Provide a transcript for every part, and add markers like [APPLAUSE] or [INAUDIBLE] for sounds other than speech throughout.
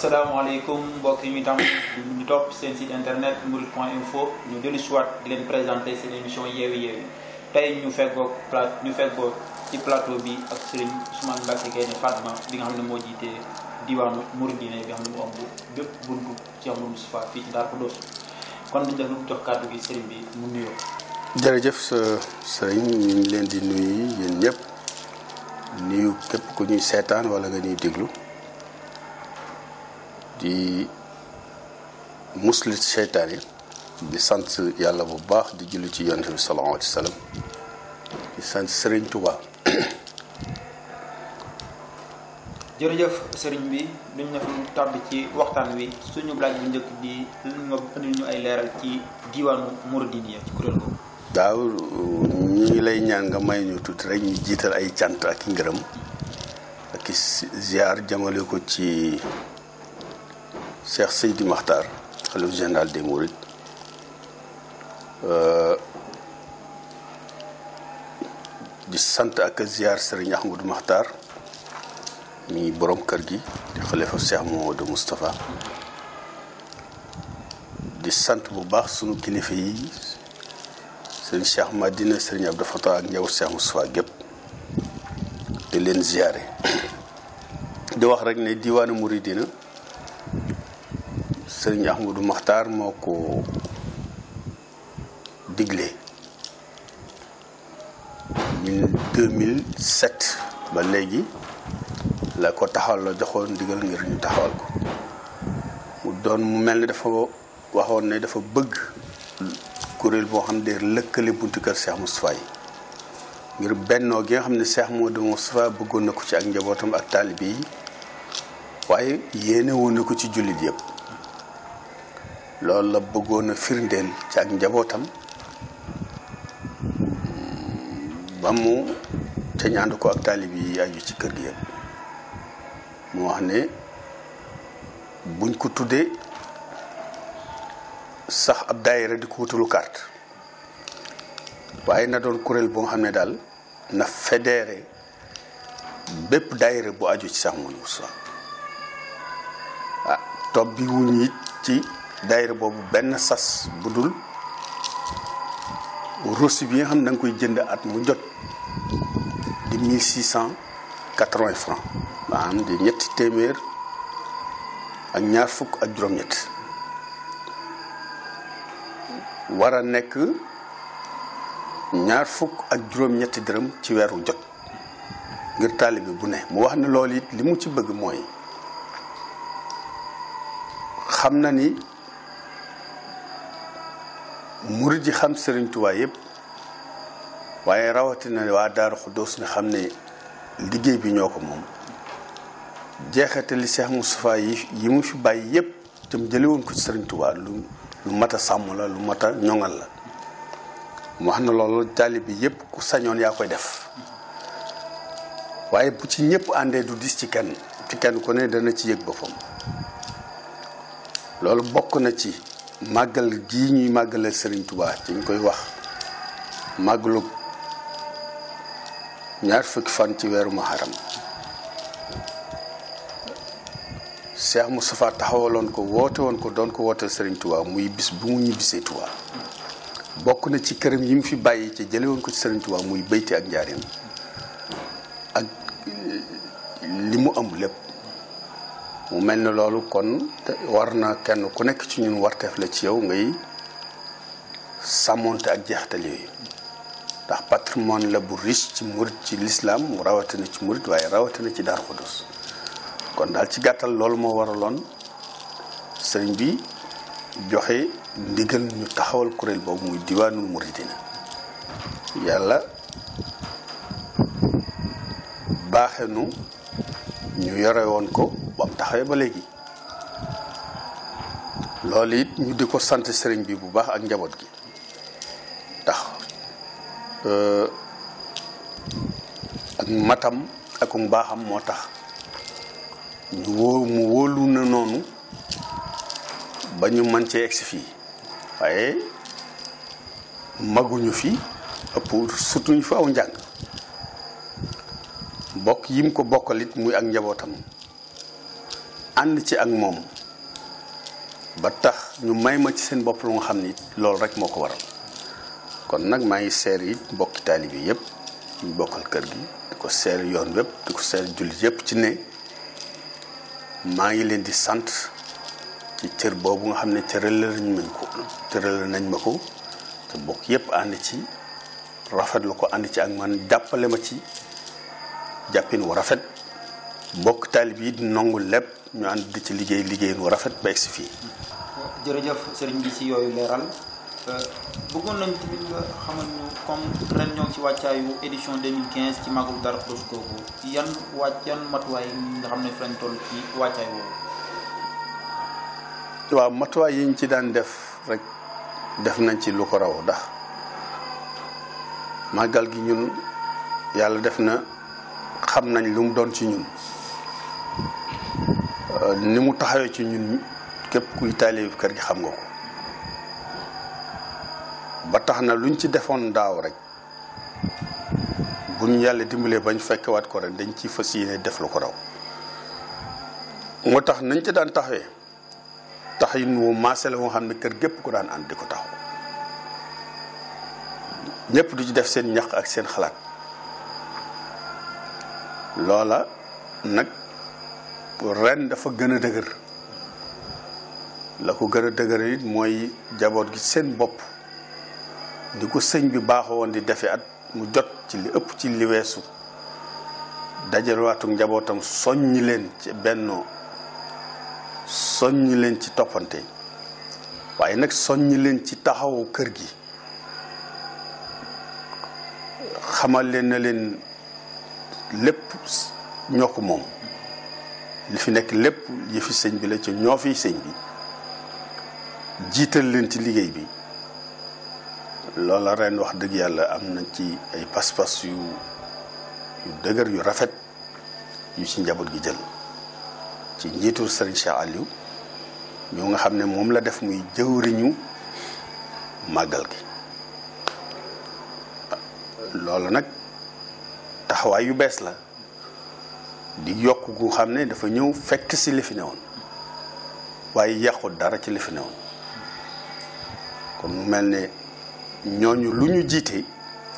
asalaamaaleykum mbokk yi mu itam ñu topp seen site internet mourides point info ñu dellu si di leen présenté seen émission yeewi yeewi tey ñu feggoog plat ñu feggoog ci plateau bi ak Serigne Ousmane Mbacké Gaïndé Fatma bi nga xam ne moo jiite diwaanu Mouridine bi nga xam ne mu ëmb bépp buntu ci Cheikh Mouhamadou Moustapha fii ci Darou Khoudoss kon dañu def lu jox kàddu gi Serigne bi mu nuyoo. jërëjëf sa Serigne ñu ngi leen di nuyu yéen ñëpp nuyu képp ku ñuy seetaan wala nga ñuy déglu. di musli seytaane di sant yàlla bu baax di julli ci yonent bi sallallahu alayhi wa sallam di sant Serigne Touba. jërëjëf sëriñ bi duñ na fi tàbbi ci waxtaan wi suñu laaj bu njëkk di nga indil ñu ay leeral ci diwaanu Mouridiniya ci kuréel boobu. daaw ñu ngi lay ñaan nga may ñu tuuti rek ñu jiital ay cant ak i ngërëm ak i ziar jamale ko ci Cheikh Seydi Makhtar xalif général des Mourides euh, di sant ak ziar Serigne Ahmadou Makhtar mi borom kër gi di xalifa Cheikh Mouhamadou Moustapha di sant bu baax sunu kilifa yi Serigne Cheikh Madina Serigne Abdou Fatah ak ñëw Cheikh Moustapha gépp di leen ziare [COUGHS] di wax rek ne diwaanu Mouridina sëriñ du Maxtaar moo ko digle 2007 ba léegi la ko taxawal la joxoon digal ngir ñu taxawal ko mu doon mu mel ni dafa waxoon ne dafa bëgg kuréel boo xam ne lëkkale buntu kër Cheikh Moustapha yi ngir bennoo gi xam ne Cheikh Modou Moustapha bëggoon na ko ci ak njabootam ak taalibe yi waaye yéene na ko ci jullit yëpp loolu la bëggoon a firndeel ci ak njabootam mm, ba mu ca ñaandu ko ak taalib yi aju ci kër gi yëpp mu wax ne buñ ko tuddee sax ab daayira di ko wutalu carte waaye na doon kuréel boo xam ne daal na fédéré bépp daayira bu aju ci sax mun Moussa ah topp bi wuñ it ci daayira boobu benn sas bu dul rosi bi nga xam ne da nga koy jënd at mu jot di mille six di ñetti téeméer ak ñaar fukk ak juróom-ñett war a nekk ñaar fukk ak juróom-ñetti dërëm ci weeru jot ngir taalibe bu ne mu wax ne loolu it li mu ci bëgg mooy xam na ni murid yi xam sëriñ Tuubaa yëpp waaye rawatina waa Daaru Xuddoos ne xam ne liggéey bi ñoo ko moom jeexatali Cheikh Moustapha yi yi mu fi bàyyi yëpp tam jële woon ko sëriñ Tuubaa lu lu mat a sàmm la lu mat a ñoŋal la mu wax na loolu taalibe bi yëpp ku sañoon yaa koy def waaye bu ci ñëpp àndee du dis ci kenn ci kenn ku ne dana ci yëg boppam loolu bokk na ci magal gi ñuy màggale Serigne Touba ci ñu koy wax maglu ñaar fukki fan ci weeru Muharram Cheikh Moustapha taxawaloon ko woote woon ko doon ko wooteel Serigne Touba muy bis bu mu ñibbisee Touba bokk na ci këram yi mu fi bàyyi ci jële woon ko ci Serigne Touba muy béyti ak njaareem ak li mu am lépp mu mel ni loolu kon war na kenn ku nekk ci ñun warteef la ci yow ngay sàmmoonte ak jeextal yooyu ndax patrimoine la bu riche ci murit ci lislaam mu rawatina ci murit waaye rawatina ci Daaru Xudus kon daal ci gàttal loolu moo waraloon sëriñ bi joxe ndigal ñu taxawal kuréel boobu muy diwaanul muridina yàlla baaxe nu ñu yore woon ko taxawee ba léegi loolu it ñu di ko sant sëriñ bi bu baax ak njaboot gi tax euh, ak matam ak mbaaxam moo tax ñu mu wóolu na noonu ba ñu mën cee egsi fii waaye maguñu fi ëpp sutuñu fi aw njàng bokk yim ko bokkalit muy ak njabootam and ci ak mom ba tax ñu may ma ci seen bopp lu nga xamni lool rek moko waral kon nak maa ngi seer yi bokk talibi yépp ñu bokkal kër gi diko ko seer yoon wépp diko ko seer julli yépp ci ne ma ngi leen di sante ci cër boobu nga xam ne cëralal nañ ma ko cëralal nañ ma ko te bokk yépp ànd ci rafet la ko ànd ci ak man jàppale ma ci jàppin wu rafet bokk talib yi di nongu lépp ñu ànd di ci liggéey liggéey bu rafet ba egsi fii jërëjëf sëriñ bi si yooyu leeral euh, bëggoon nañ tamit nga xamal ñu comme ren ñoo ci wàccaayu édition 2015 ci magul dara plus googu yan wàcc yan matuwaay nga xam ne fren lañ toll ci wàccaay woowu waaw matuwaay yiñ ci daan def rek def nañ ci lu ko raw ndax màggal gi ñun yàlla def na xam nañ lu mu doon ci ñun ni mu taxawee ci ñun mi képp kuy taalif kër gi xam nga ko ba tax na luñ ci defoon daaw rek buñ yàlla dimbalee bañ fekkewaat ko rek dañ ci fas yéene def lu ko raw moo tax nañ ci daan taxawee tax yi nu maase la moo xam ne kër gépp ko daan ànd di ko taxaw ñëpp du ci def seen ñax ak seen xalaat loola nag ren dafa gën a dëgër la ko gën a dëgër it mooy jaboot gi seen bopp di ko sëñ bi baaxoo woon di defe at mu jot ci li ëpp ci li weesu dajalewaatu njabootam soññ leen ci benn soññ leen ci toppante waaye nag soññ leen ci taxawu kër gi xamal leen na leen lépp ñokk moom li fi nekk lépp yi fi sëñ bi la ci ñoo fiy sëñ bi jiital leen ci liggéey bi loola ren wax dëgg yàlla am na ci ay pas-pas yu dëgër yu rafet yu ci njaboot gi jël ci njiitul sëriñ Cheikh ñoo nga xam ne moom la def muy jëwriñu màggal gi loolu nag taxawaay yu bees la di yokk gu xam ne dafa ñëw fekk ci li waaye yàqu dara ci li kon mu mel ne ñooñu lu ñu jiite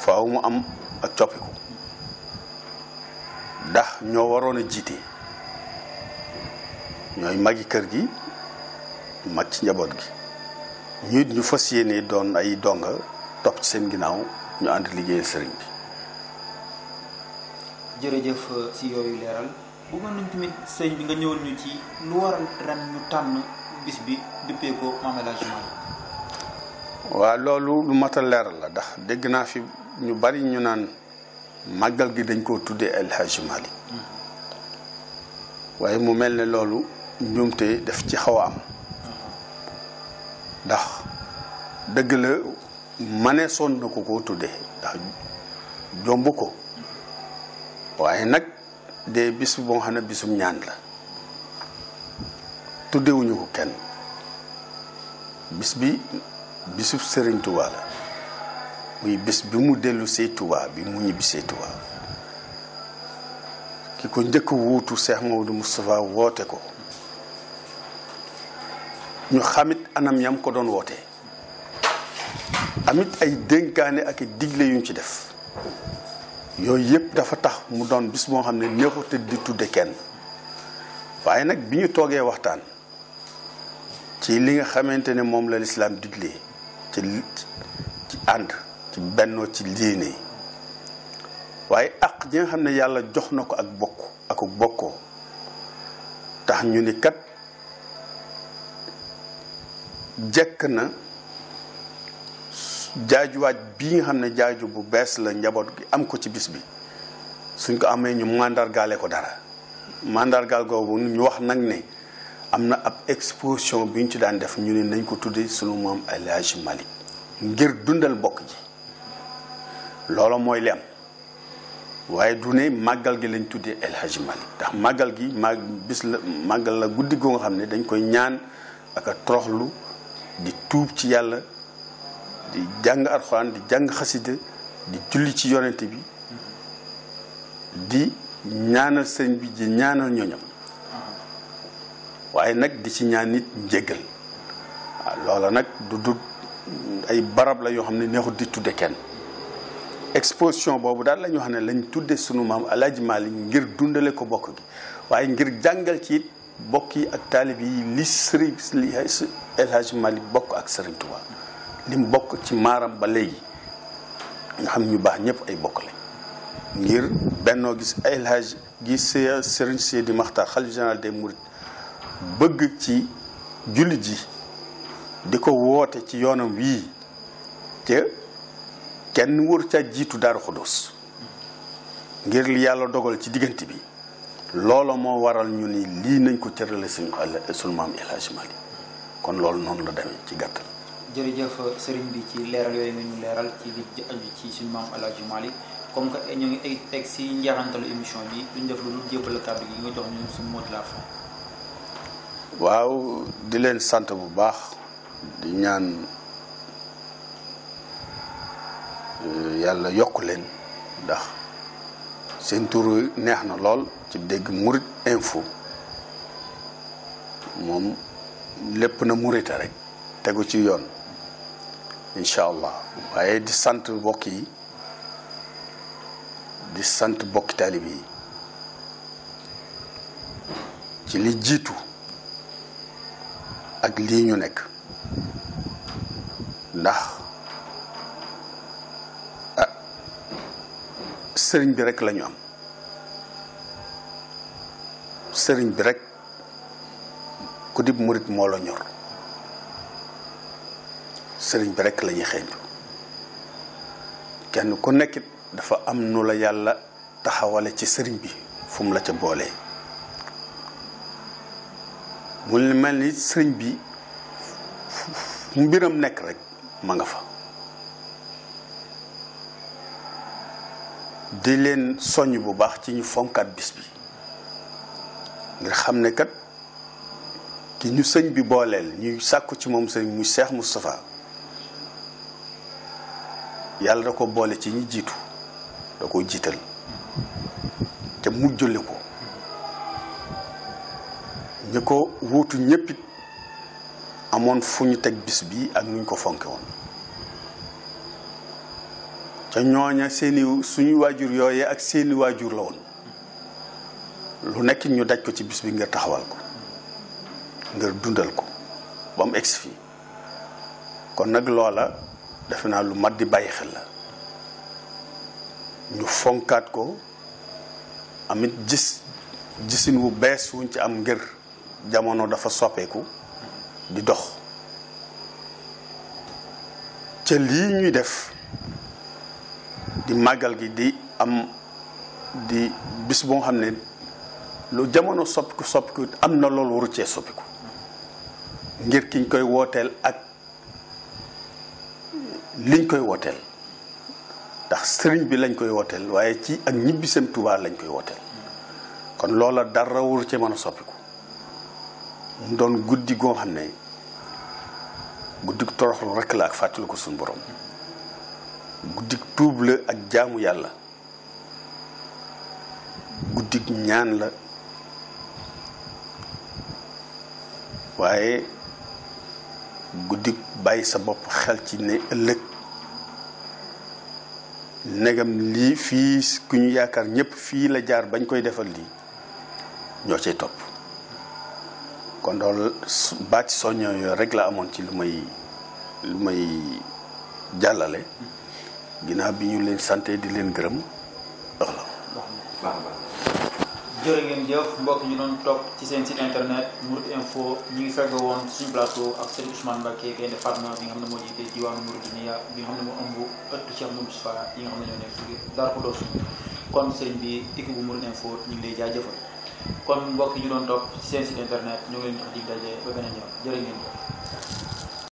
faaw mu am ak coppiku ndax ñoo waroon a jiite ñooy magi kër gi mag ci njaboot gi ñu it ñu fas yéene doon ay donga topp ci seen ginnaaw ñu ànd liggéeyal sëriñ bi jërëjëf si euh, yooyu leeral bu lu waral ren ñu loolu lu mat a leeral la ndax dégg naa fi ñu bari ñu naan màggal gi dañ koo tuddee El waaye mu mel ne loolu njuumte def ci xaw am ndax dëgg la maneesoon na ko koo tuddee ndax jomb ko waaye nag de bis boo xam ne bisum ñaan la tuddewuñu ko kenn bis bi bisub sëriñ Tuubaa la muy bis bi mu dellu see Tuubaa bi mu ñibbi see Tuubaa ki ko njëkk wuutu Cheikh Maodo Moustapha woote ko ñu xamit anam yam ko doon woote amit ay dénkaane ak digle yuñ ci def yooyu yëpp dafa tax mu doon bis moo xam ne neexut di tudde kenn waaye nag bi ñu toogee waxtaan ci li nga xamante ne moom la lislaam digle ci ci ànd ci bennoo ci diine waaye ak ji nga xam ne yàlla jox na ko ak bokk ak bokkoo tax ñu ni kat jekk na jaajuwaaj bii nga xam ne jaaju bu bees la njaboot gi am ko ci bis bi suñ ko amee ñu mandargaale ko dara mandargaal googu ñu wax nag ne am na ab exposition bi ñu ci daan def ñu ne nañ ko tuddee sunu moom El Hadj Malick ngir dundal bokk ji loolu mooy li am waaye du ne màggal gi lañ tuddee El Hadj Malick ndax màggal gi mag bis la màggal la guddi goo nga xam ne dañ koy ñaan ak a toroxlu di tuub ci yàlla di jàng alxuraan di jàng xasida di julli ci yonent bi di ñaanal sëñ bi di ñaanal ñoñam waaye nag di ci ñaan nit njéggal waaw loola nag du du ay barab la yoo xam ne neexul di tudde kenn exposition boobu daal la wax ne lañ tudde sunu maam Alaaji Maalik ngir dundale ko bokk gi waaye ngir jàngal ci it bokk yi ak taalib yi li sëriñ li El Hadj bokk ak sëriñ Tuubaa li bokk ci maaram ba léegi nga xam ñu baax ñëpp ay bokk lañ ngir bennoo gis El Hadj gi Serigne Sidi Makhtar xalif général des Mourides bëgg ci jullit ji di ko woote ci yoonam wii te kenn wër ca jiitu Daaru Xudus ngir li yàlla dogal ci diggante bi looloo moo waral ñu ni lii nañ ko cërale suñu suñu maam El Hadj kon loolu noonu la demee ci gàttal jërëjëf sëriñ bi ci leeral yooyu ngeen ñu leeral ci li aju ci suñu maam El Hadj comme que ñu ngi egg si njeexantalu émission bi duñ def lu dul jébbal kàddu gi nga jox ñu suñu mot de la waaw di leen sant bu baax di ñaan euh, yàlla yokk leen ndax seen tur neex na lool ci dégg murit info moom lépp na murita rek tegu ci yoon. incha allah waaye di sant mbokk yi di sant mbokki taalib yi ci li jiitu ak lii ñu nekk ndax ah sëriñ bi rek lañu am sëriñ bi rek ku dib murit moo la ñor sëriñ bi rekk lañuy ñuy xeeñtu kenn ku nekkit dafa am nu la yàlla taxawale ci sëriñ bi fu mu la ca boolee mu mel ni sëriñ bi fu biram nekk rekk ma nga fa di leen soññ bu baax ci ñu fonkaat bis bi ngir xam ne kat ki ñu sëñ bi booleel ñuy sàkku ci moom sëriñ muy Seex Moustapha yàlla da ko boole ci ñi jiitu da ko jiital te mujjale ko ñi ko wuutu ñéppit amoon fu ñu teg bis bi ak nuñ ko fonke woon ca ñooña seeni suñu waajur yooyee ak seeni waajur la woon lu nekk ñu daj ko ci bis bi ngir taxawal ko ngir dundal ko ba mu fii kon nag loola defe naa lu mat di bàyyi xel la ñu fonkaat ko amit jis gisin wu bees wuñ ci am ngir jamono dafa soppeeku di dox ca lii ñuy def di màggal gi di am di bis boo xam ne lu jamono soppiku soppiku am na loolu waru cee soppiku ngir kiñ koy wooteel ak liñ koy wooteel ndax sëriñ bi lañ koy wooteel waaye ci ak ñibbiseem Tuubaa lañ koy wooteel kon loola dara wur ci mën a soppiku mu doon guddi goo xam ne guddi toroxlu rekk la ak fàttali ko suñu borom guddi tuub la ak jaamu yàlla guddi ñaan la waaye guddi bàyyi sa bopp xel ci ne ëllëg ndegam lii fii ku ñu yaakaar ñépp fii la jaar bañ koy defal lii ñoo cay topp kon dool baat soññoo yooyu rek la amoon ci lu may lu may jàllale ginnaaw bi ñu leen sante di leen gërëm wax la jërë ngeen jëf mbokk ñu doon topp ci seen site internet Mourides Info ñi ngi fegg woon suñu plateau ak Serigne Ousmane Mbacké Gaïndé Fatma bi nga xam ne moo jiite diwaanu Mouridiniya bi nga xam ne moo ëmb ëttu Cheikh Moudou Moustapha yi nga xam ne ñoo nekk ci Darou Khoudoss kon sëñ bi équipe bu Mourides Info ñu ngi lay jaajëfal kon mbokk ñu doon topp ci seen site internet ñoo ngi leen tax dig daje ba beneen yoon jërë